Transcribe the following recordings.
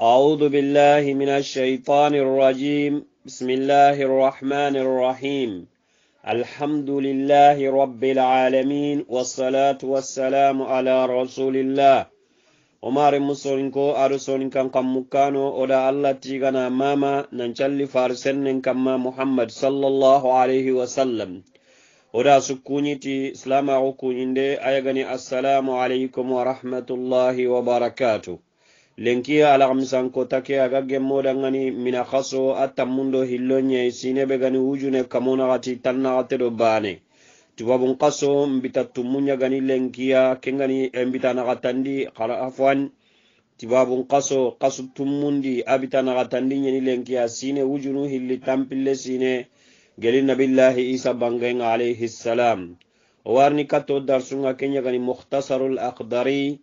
أعوذ بالله من الشيطان الرجيم بسم الله الرحمن الرحيم الحمد لله رب العالمين والصلاة والسلام على رسول الله عمر مسلمكو أرسلن كان مكانو ولا الله تيغنا ماما ننشل فارسن كما محمد صلى الله عليه وسلم ودا سكونيتي سلام عكونين دي أيغني السلام عليكم ورحمة الله وبركاته lenkiya alagamisanko take aga gemmodangani mina kaso a tammundo hillo ɲei sinebe gani wujune kamonagati tannaxate do bane tubabun kaso mbita tummu ɲagani lenkiya kengani nbita naxatandi afan tibabun kaso kasu tummundi abita naxatandi ɲeni lenkiya sine wujunu hilli tanpille sine geli nabillahi isa bangenga alayhi salam o warni katto darsunga ke ɲagani muhtasarul akdari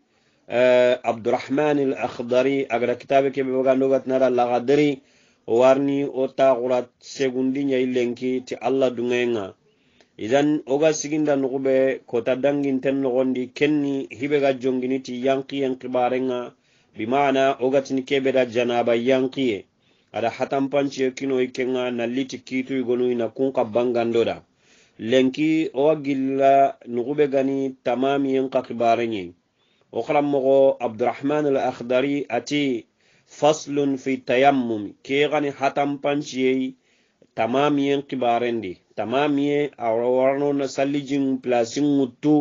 عبدالرحمن الاخضری اگر کتاب کې به وګاندوګت نه لغدری warni o taxurat segundi ɲai lenki ti allah dunŋenga idan oga siginda nuxube kota danginten noxondi kenni hibe ga jongini ti yankiyen xibarenga bimana ogatini kebe da janaba yankiye ada hatanpanciye kinoyi kenga nalliti kituygonuyi na kun xa bangandoda lenki owa gilla nuxube gani tamamiyen xa xibarenɲei وقرم مغو عبد الرحمن الأخضري أتي فصل في التيمم كيغني حتم بانشي تمامي قبارندي تمامي أورورنو نسالي جن بلاسين متو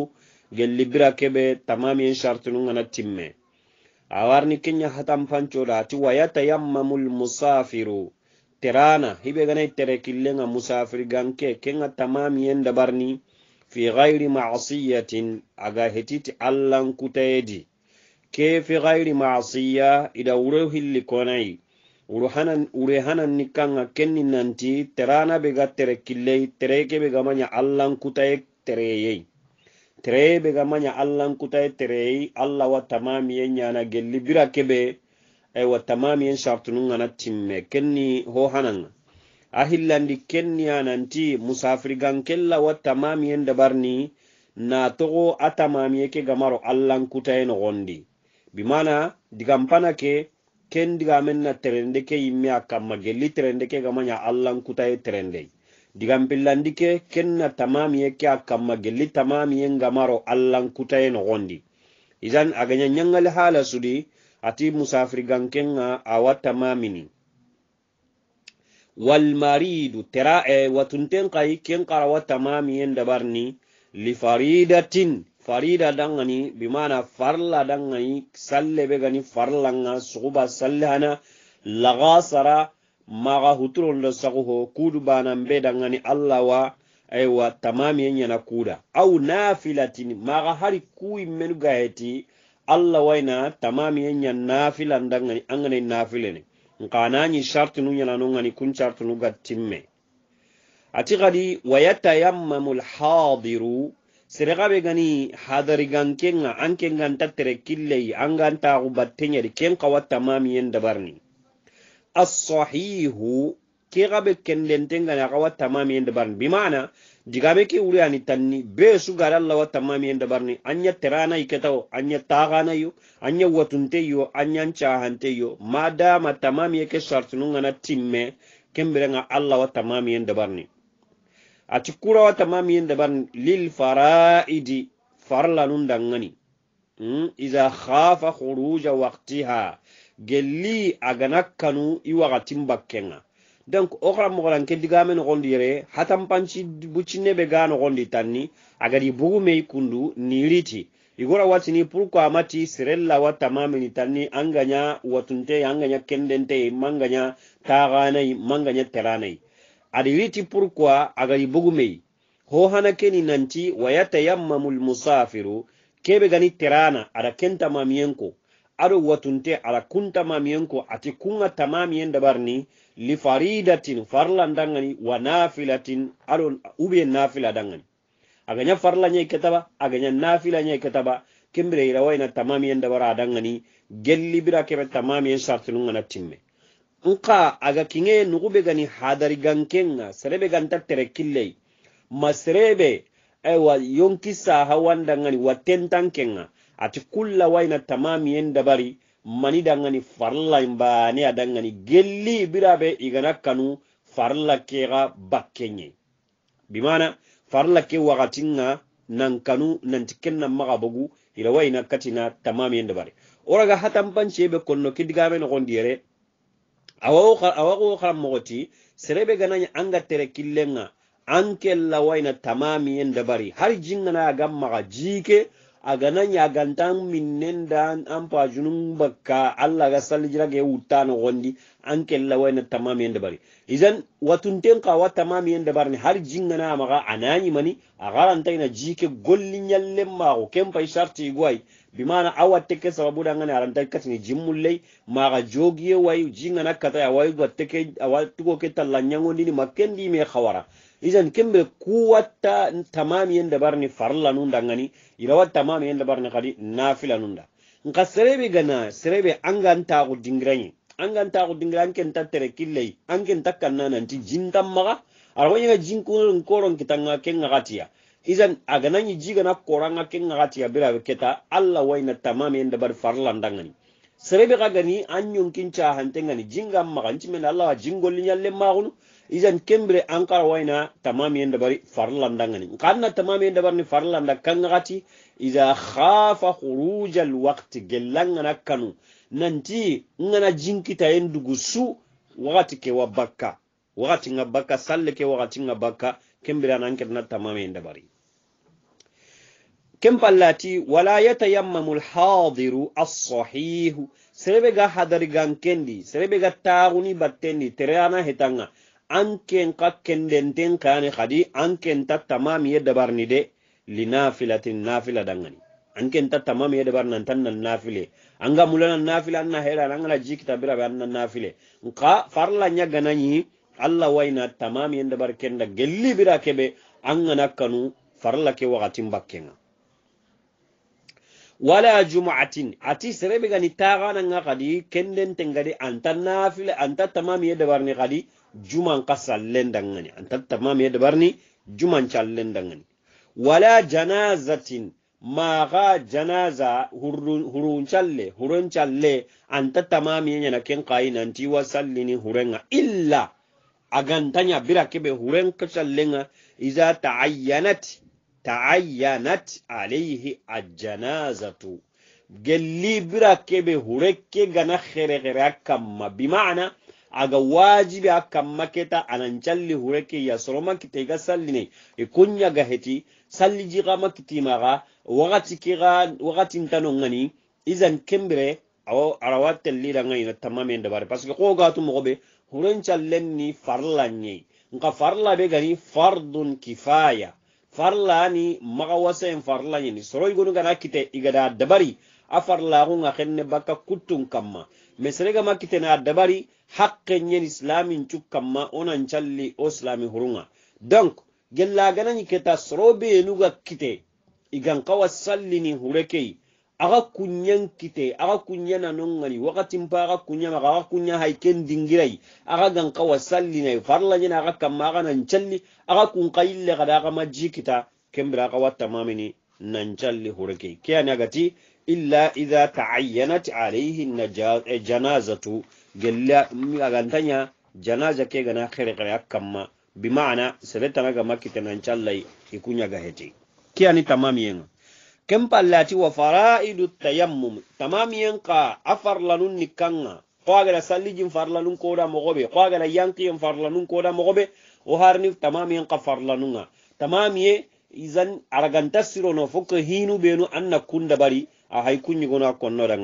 gelli bira keɓe tamamiyen charte nu gana timme a warni kenya hatanpancoɗa ati wayatayammamu lmusafiru terana hiɓe ganai tere killenga musafir ganke kenga tamamiyen dabarni fi ghairi ma'asiyatin aga hititi allan kutayedi ke fi ghairi ma'asiya ida wuro hilli konai wure hanan ni kanga kenni tara na be ga tere tere ke be ga manya allan kutaye tereyei tereye be ga manya allan kutaye yi allah wa ya nyana gelli bira kebe ay e wa tamamiyen shartununga na timme kenni ho hananga ahillandi kenniya nanti musafirigankella wattamamiyen dabarni na togo atamamiye ke gamaro allankutaye nogondi bimana digampana ke ken digamen na terende ke yimme a kamma gelli terende ke allan allankutaye terende digampillandi ke ken na tamamiye ke a kamma gelli tamamiyen gamaro allankutaye nogondi izan aganya nyangali hala sudi ati musafirigankenga awatamamini walmaridu tera e eh, watunten kayi ken kara wa tamamiyen dabarni li faridatin farida dangani bimana farla dangani salle be gani farlanga suguba salle hana laga sara maga da saguho kudu banan be dangani allah wa aywa eh, tamamiyen yana kuda au nafilatin maga hari kuyi menu gaheti allah waina tamamiyen ya nafilan dangani angane nafile ne nkananyi sharti nu ñananongani kun sharti nu gattimme ati gadi wayatayammamu lhadiru serexaɓe gani hadari gankenga an ke ganta tere killei an gantaxu batteñadi ken xawa tamamiyen dabarni asahihu ke xaɓe kendentengani a tamamiyen dabarni bimana digame ke wuri ani tanni be su gara allah wa tammami en barni anya terana iketawo anya yo anya yo anya ncahanteyo madama tamami yeke na timme nga allah wa tammami en dabarni ati kura wa tammami en barni lil faraidi nunda ngani mm? iza khafa khuruja waktiha gelli agana kanu i wakatin donc o xara moxolan ke digame noxondi yere hatanpanci buccinneɓe ga noxondi tanni agadi bugumei kundu niriti igora watini pourquoi amati serella wa tamamini tanni anganya watunte anganya kendente manganya taganai manganya teranai adiriti pourquoi agadi bugumei ho hana keni nanti wayatayammamu lmusafiru kebe gani terana ada kenta mamiyenko ado watunte ada kunta tamamiyenko ati kunga tamamiyen dabarni li faridatin farlan dangani wa nafilatin alon ubiyen nafila dangani aganya farla nye ketaba aganya nafila nye ketaba kimbire ira waina tamamiyen bara dangani gelli bira kebe tamamiyen sartinunga na timme nka aga kinge nugube gani hadari gankenga serebe ganta tere killei masrebe aiwa e, yonki saha wandangani watentankenga ati kulla waina tamamiyen bari. mani dangani farla mbaane a dangani gelli birabe igana kanu farla kega bakke ye bimana farla ke wakatinga nan kanu nanti kenna maga bogu ila waina katina tamami yende bare oraga hatanpanceɓe konno kidigame nogondi yere awawo karanmogoti serebe ganaye anga tere killenga ankella waina tamami yende bari har jinganaya gan maga jiike a ganan ya gantan minnen da an baka Allah ga saljira ga wuta na gondi an kella waina tamami yanda bari idan watun tenka wa tamami yanda bari har jingana maga anani mani a garanta ina jike gollin yallen ma ko fai sharti gwai bi mana awatte ke sababu da ngana jin katini jimmullai maga jogiye wayu jingana kata ya wayu watte ke tuko ke ni makendi me khawara idan kembe kuwatta tamamiyen dabarni farla nunda ngani irawa tamamiyen dabarni kadi nafila nunda nka serebe gana serebe anga ntaku dingiranye anga ntaku dingira anke nta tere killei anke nta kanna nanti jintan maga arakonyenga jinkoron koron kitanga kenga katiya izan agananyi jigana koranga kenga katiya birabe keta allah waina tamamiyen dabar farla ndangani serebe kagani anyonkinca hantengani jingan maga ncimene allah wa jingolli nyalle magunu izan kembre ankara wayna farlanda ngani farlandangani nkanna tamamiyen dabarni farlanda kangakati iza khafa al waqt gelanga nakanu nanti ngana jinkita yen dugu su wakati ke wabaka wakati ngabaka salle ke wakati ngabaka kembre kembire na tamamiyen dabari bari كم wala ولا يتيمم الحاضر الصحيح ga حضر gankendi serebe ga taaguni battendi tere ana anken ka kendenten kane hadi anken ta tamamiye dabarni de li nafilatin nafila dangani anken ta tamamiye dabar nan tan nan nafile anga mulanan nafila anna hera angana jikita birabe nan nafile nka farla nya ganani allah wayna tamamiye dabar kenda gelli bira an angana kanu farla ke wakatin bakkenga wala jumu'atin ati serebe gani taxananga xadi kendentengadi anta nafile anta tamamiye ni xadi juman kasa lenda an antata mami ya dabarni juman lenda ngani wala janazatin maga janaza hurun challe hurun challe an mami ya na ken kai nan ti wasallini hurenga illa agantanya bira kebe huren kasallenga iza ta'ayyanat ta'ayyanat alayhi ajanazatu gelli bira kebe hure ke gana khere khere kamma bima'ana aga wajibi akka maketa anan calli hureke yasoroma kite ga ne e kunya ga heti salli ma ga wakati kiga wakati ntano ngani izan kembire aw arawa tellira ngani na tamamen dabare parce que ko ga gatu mogobe huren callen ni farla nka farla be gani fardun kifaya farla ni maga wasen farla nyi soro gana kite igada dabari a farlaxunga xenne bakka kuttun kamma mais serega ma na dabari haqqen yen islamin ma onan calli o islami hurunga donc gellaganani keta sorobe nuga kite igan kawa sallini hurekei aga kunyan kite aga kunya na nongani wakati mpa aga kunya maka aga kunya haiken dingirai aga gan kawa sallina farla jina aga kama aga nanchalli aga kunka ille kada aga maji kita kembira aga wata mamini nanchalli hurekei kia ni agati illa idha ta'ayyanat alaihi eh, janazatu gella agantanya janaza ke gana khere khere bi ma'ana sebeta ga makita nan challai ikunya ga hete kiya ni tamamiyen kem pallati wa fara'idu tayammum tamamiyen ka afar lanun nikanga ko ga sallijin farlanun ko da mogobe ko ga yankiyen farlanun ko da mogobe o harni tamamiyen ka farlanunga tamamiye izan araganta sirono fokka hinu benu anna kunda bari a haikunnyigono gona konno da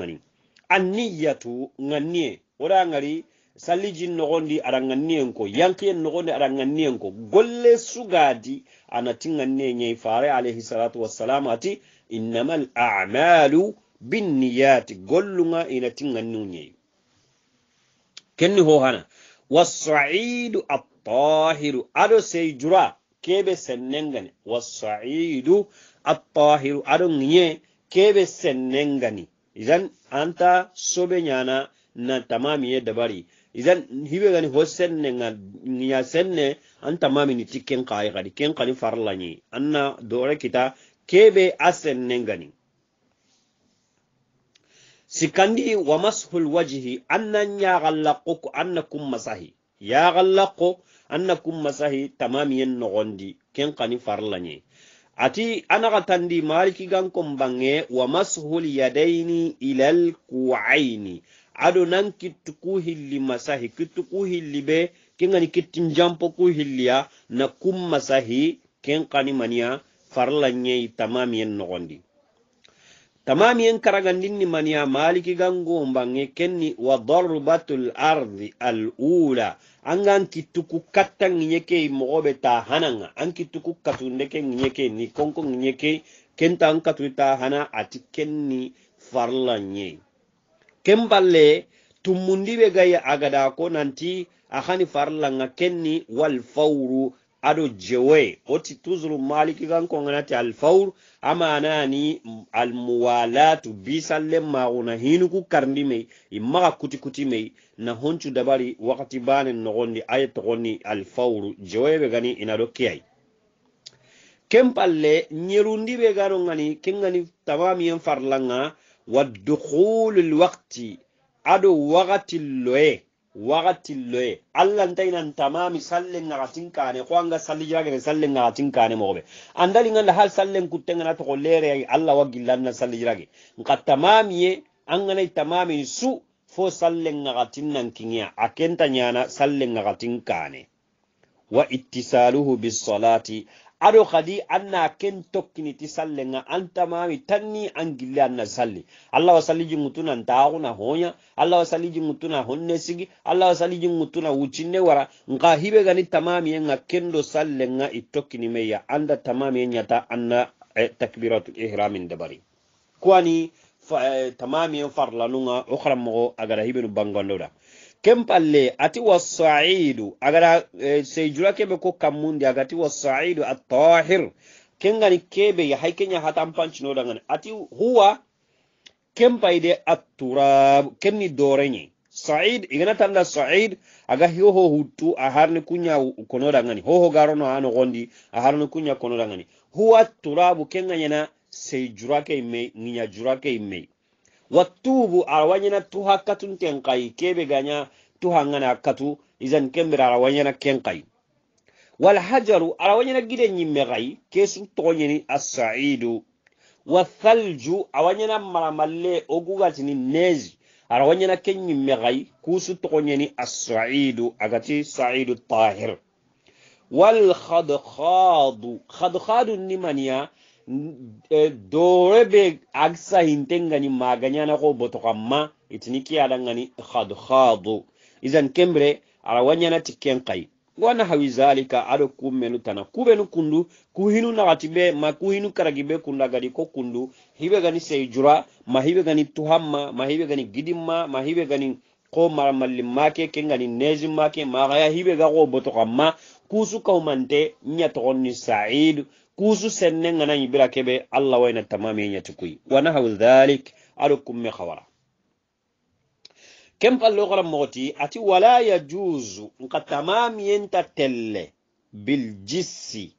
anniyatu nganniye oda ngari salli jin nogondi aranganniyen ko yankiyen nogondi aranganniyen ko golle sugadi anatinganniye ñayi fare alayhi salatu wassalam ati innama al amalu binniyati gollunga ina inatinganniu ñayi kenni ho hana wasaidu attahiru ado sey jura keɓe sennengani wasaidu attahiru aɗo ŋiye keɓe sennengani idan anta sobe ñana na tamamiye dabari idan hibe gani ho senne nga ya senne an tamami ni tikken kai gadi ken kali farlani anna dore kita kebe asenne gani sikandi wa mashul wajhi annan ya ghallaqu annakum masahi ya ghallaqu annakum masahi tamamiyen nogondi ken kani farlani ati anaka tandi maliki gankom bange wa mashul yadaini ilal kuaini ado nan kittu ku hilli masahi kittu ku hilli be kengani kittin jampo ku hilliya na kum masahi ken kani maniya farla ñeyi tamamiyen nogondi karagandin ni mania maliki mbange kenni wa darbatul ardi al ula angan kittuku katang nyeke mogoɓe ta hananga an kittuku katundeke nyeke ni konko nyeke kenta an katuri ta hana ati kenni farla nyei. ken balle tummundiɓe gaya agada ko nanti hani farlanga kenni walfawru aɗo jewe oti tuzuru maliki kankoganati bi amanani almuwalatu bisallen maguna hinuku karndi mey immaga kuti kuti mai na honcu dabari wakati bani nogondi aye togonni alfawru jeweɓe gani inaɗo kiyay ken palle ñerundi ɓe gano gani ken gani tamamiyen farlanga Wa والدخول الوقت ado wakati loye wakati loye allah nta inan tamami sallen ngakatin kane ko anga salli jiragene sallen ngakatin kane mogoɓe andali ganda hal sallen sallin togo leereyai allah wa gillanna salli jirage nka tamamiye an ganai tamamin su fo sallin ngakatin nan a kenta ñana sallen ngakatin kane wa ittisaluhu bisolati Ado kadi anna ken tokkiniti salle ga antamami tanni an gille anna salle allah wa salliji jingutuna ntaaguna honya allah wa salliji jingutuna honne sigi allah wa salliji jingutuna wucinne wara nga hibe gani tamami ga kendo salle ga i meya anda tamamiye ñata anna eh, takbiratul ihramin dabari kuwani eh, tamamiyen farlanuga farlanunga ukhramo agara hibenu bangandoda ken palle ati sa'idu, agara eh, sai jura kebe ko kammundi agati wasaidu attahir kengani kebe ya haikenya hay kenya hatanpancinoɗangani ati huwa ken payde atturab kenni dorenye said igana tanda said aga hoho hutu a harni kunya konoɗangani hoho garono ha gondi a harni kunya konoɗangani huwa turabu kenganyana seijurake immey ŋiya jurake immey wattubu arawanyana tuhakkatun ten kayi kebe ganya tuhangana akkatu izan kembira arawanyana ken kayi walhajaru arawanyana giden yimme kayi kesu togoyeni assaidu wathalju awanyana maramalle ogugatini nezi arawanyana ken yimme kusu togoyeni assaidu agati saidu tahir walhadhadu khadhadu nimaniya Eh, dorebe agsa hintengani maganyana ko botokamma itini kiyadangani khadkhadu izan kembre arawanyana tikken kai wana hawi zalika aɗo kummenu tana kuɓenu kundu ku hinu nagati be ma ku hinu karagi be kundu agadi ko kundu hiɓe gani seyjura ma hiɓe gani tuhamma ma hiɓe gani gidimma ma hiɓe gani ko maramalli make ke gani nesim make magaya hiɓe ga ko botokamma kusu kahumante ya togonni saidu kusu senne ngana bira kebe allah wayna tamami ya tukui, wa hawul dhalik alukum mi hawara ken pallo Moti, moti ati wala ya juzu nka enta telle jissi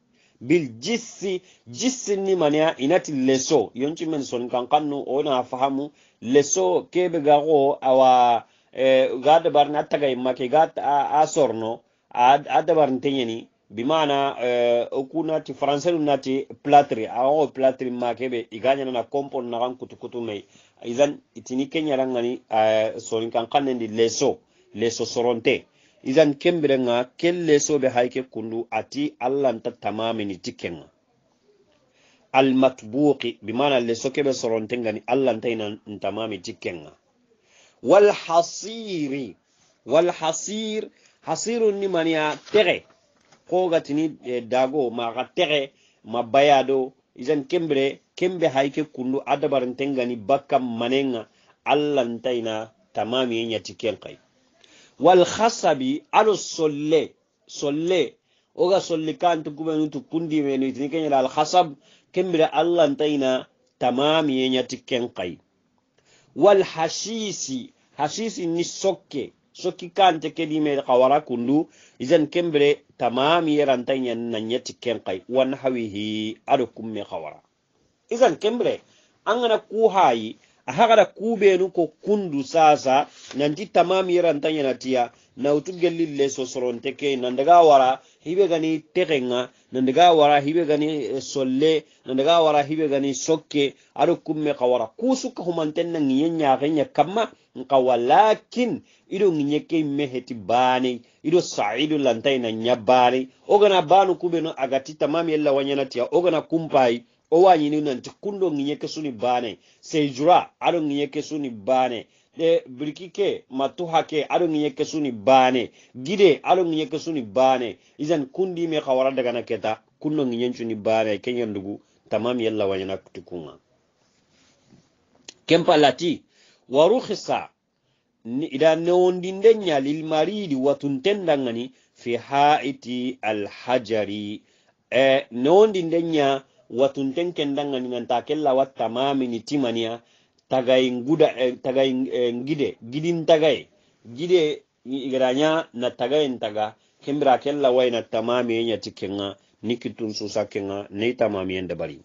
jissi ni mania inati leso yonchi men son kan kanu ona fahamu leso kebe gago awa eh, ga dabarni a tagayimmake ga a, a a bimana eh, oku nati français num nati platri awaxo platri makeɓe iga ñanana compon naxan kutukutu mai izan itini keñarangani uh, eh, sonin kan xannendi leso leso soronte izan nga ke leso be haike kundu ati allanta tamamini ti kenga almatbuki bimana leso soronte keɓe sorontengani allantaina ntamami ti kenga walhasiri walhasir hasirun ni maniya texe kogatini eh, dago maxa texe ma bayado izan kembere kembe hayke kundu adabarantengani bakka manenga allantaina tamamiye ñati ken kai. wal hasabi alo solle solle oga solli kanti kubenu tu kundimenu itini keñala al hasab kembere allantaina tamamiye ñati ken kai wal hashisi hashisi ni sokke soki kante kedi me kawara kundu izan kembre tamami yarantan na nan ya kai wan hawihi ado kumme kawara izan kembre an gana ku hayi a hagara kubenu ko kundu sasa nanti tamami yarantan na tiya nawtu le sosoronte ke nandaga wara hibe gani nan nandaga wara hibe gani eh, solle nandaga wara hibe gani sokke aɗo kumme xa wara ka humanten na ŋiye ñaxeña kamma nka walakin iɗo nginye ke imme heti baanei saidu lantai na nyabari ogana banu kube no kuɓeno agati tamami yella wañanatiya tia ogana kumpayi o wañini nanti kundo nginye ke suni bani sejura adu nginye ke suni bani e birkike matuhake aɗon yeke suni bane gide aɗon yeke suni bane isan kundi me kawara dagana keta kunno giyencuni bane kenyandugu tamam yella wañana tikunga kempa lati wa rukhisa ida newondinde ya lilmaridi watundendangani fi haiti alhajari e newondinde ya watunten kendangani ganta kella wa ni timania. tagay nguda eh, tagay eh, ngide gidin tagay gide igranya na tagay taga kembra kella wayna tamami nya tikenga nikitun su sakenga ne tamami yanda bari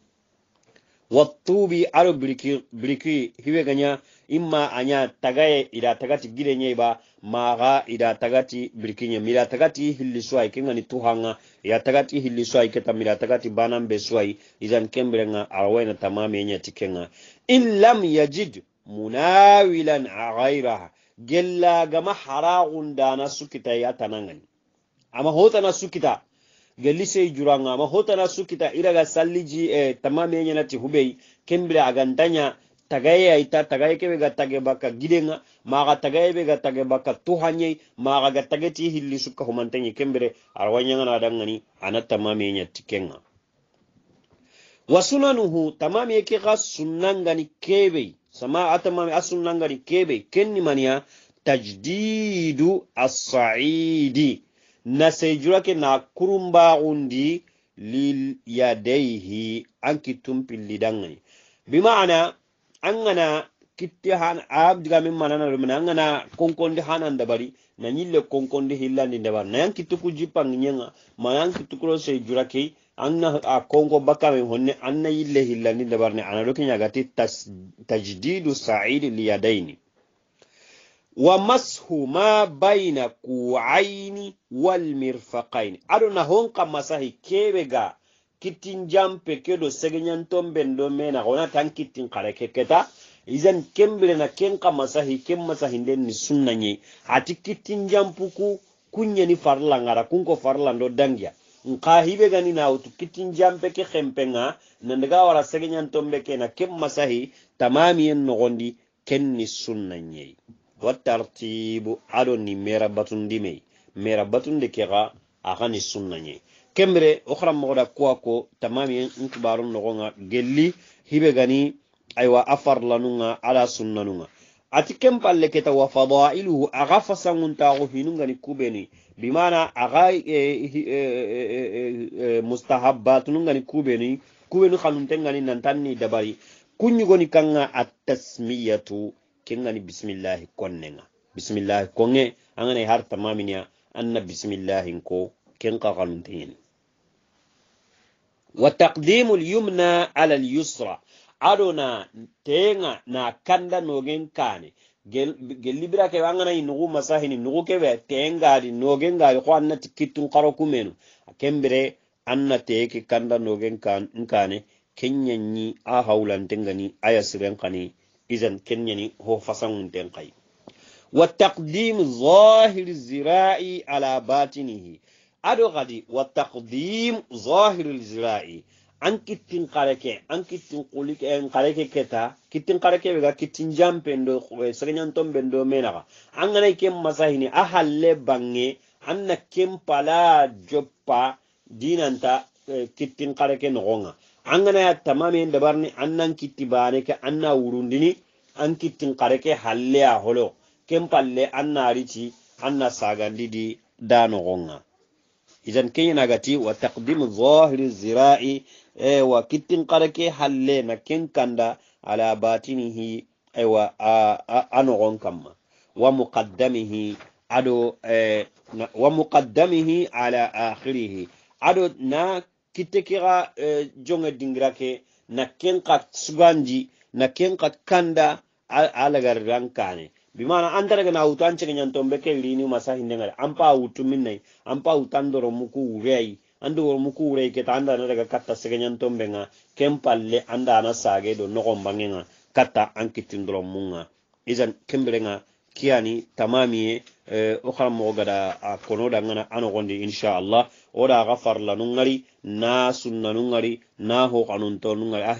wattubi arubriki briki hiwe ganya imma anya tagaye ida tagati girenye ba maga ida tagati birkinye mira tagati hili suai kenga ni tuhanga ya tagati hili suai keta mira tagati bana mbe suai izan kembrenga arwaina tamame nya tikenga in lam yajid munawilan agairaha gella gama haragun dana sukita ya tanangani ama na sukita gelli sey juranga ama na sukita iraga salliji e eh, tamame nya nati hubei kembre agandanya tagaye aita tagaye kebe ga tage baka gidenga maga tagaye be ga tage baka tuhanye maga ga tage ti hilli suka humantanye kembere arwanya na dangani ana tamame nya tikenga wasunanuhu tamame yake ga sunnangani kebe sama atamame asunnangani kebe kenni maniya tajdidu as-sa'idi na ke na kurumba undi lil yadaihi anki tumpilli dangani bima'ana angana kitti han abdigami mananarumene angana konkondi hanan dabari nanyille konkondi hillandi dabari nayan kittuku jippangiñenga mayan kittukuro sey jurakey anna a konko min honne anna yille hillandi dabarne ana gati tajdidu li yadaini wa mashu ma baina kuaini wal aɗo aduna honka masahi kebe ga Kittin jampe ke do segenyan tomben do mena gona tan kittin kare keketa izan kembere na kenka masahi ken masahi nden ni sunna nye hati kitin jampuku kunya ni farla ngara kunko farla ndo dangia nka hibe gani na utu kittin jampe ke khempenga na ndaga wara segenyan tombe ke na ken masahi tamami en nogondi ken ni sunna nye watartibu ado ni mera batundi mei mera batunde kega aga ni sunna kembere o xaranmoxoda kuwa ko tamami nkibarun noxonga gelli hibe gani aywa a farlanunga ala sunnanunga ati ken palle keta wa fadailuhu aga fasanguntaxu hinungani kubeni bimana aga e, eh, e, eh, e, eh, mustahabatunungani kubeni kubenu xanuntengani nantanni dabari kunyugoni kanga atasmiyatu gani bisimillahi konnenga bisimillahi konge angana har tamaminiya na bisimillahin ko ken ka xaxanunteyeni wa taqdimul yumna ala yusra adona tenga na kanda nogen kane gelibira ke wangana inugu ni, nugu kebe tengali nogen gali ko annati kitun karo kumenu kembere anna teke kanda nogen kan kane kenyanyi a haulan tengani aya siren kani izan kenyani ho fasangun tenkai wa taqdim zahir zira'i ala batinihi gadi wa taqdim zahirul zira'i an kittin kareke an kittin qulike an kareke keta kittin kareke be ga kittin jampe ndo segenyan tomben do menaga an ganai kem masahini a halle bange an na kem pala joppa dinanta kittin kareke nogonga an ganaya tamamen dabarni an nan kitti bane ke an na wurundini an kittin kareke halle a holo kem palle an na rici an na sagandidi da nogonga idan kenyana gati wa taqdimu zahiri zira'i eh, wa kittin karake halle na kin Kanda ala batinihi aiwa eh, a nogon kamma wa muqaddamihi ado eh, wa muqaddamihi ala akhirihi ado na kitte kira jonga dingirake na kin kenka suganji na kin kenka kanda alagar kane. bimana an tara gana wutu an cikin yanton beke rini masa hinde ngare an pa wutu minnai an pa wutan doro muku wurei an doro muku wurei ke tanda na daga katta cikin yanton benga kempalle anda na sage do nokon bangenga katta an kitin doro munga izan kembirenga kiyani tamamiye eh, o xara moxo gada a kono dangana a insha allah o da xa farla nu ŋari na sunna nu ŋari na hoxanunto nu ŋari a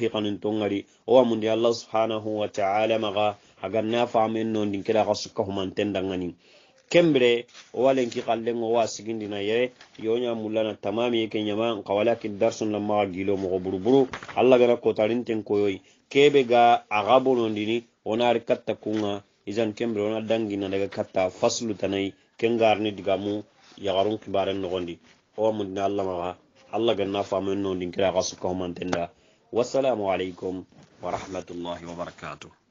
o ŋari mun di allah subhanahu wa taala maxa a nondin keda xa sukka da dangani kembire o walen ki xallen wo wa sigindina yere mulana mullana tamamiye ke ñama xawala ki darsun la maga gilo moxo buruburu allah gana kotarinten koyoyi kebe ga a xa bonondini wonaari katta kunga izan kembre dangi na daga katta faslu tanai kengarni diga mu yagarun kibaren nogondi owa na allah ma allah ganna no nondin kira ga suka humantenda wassalamu alaikum wa rahmatullahi wa barakatuh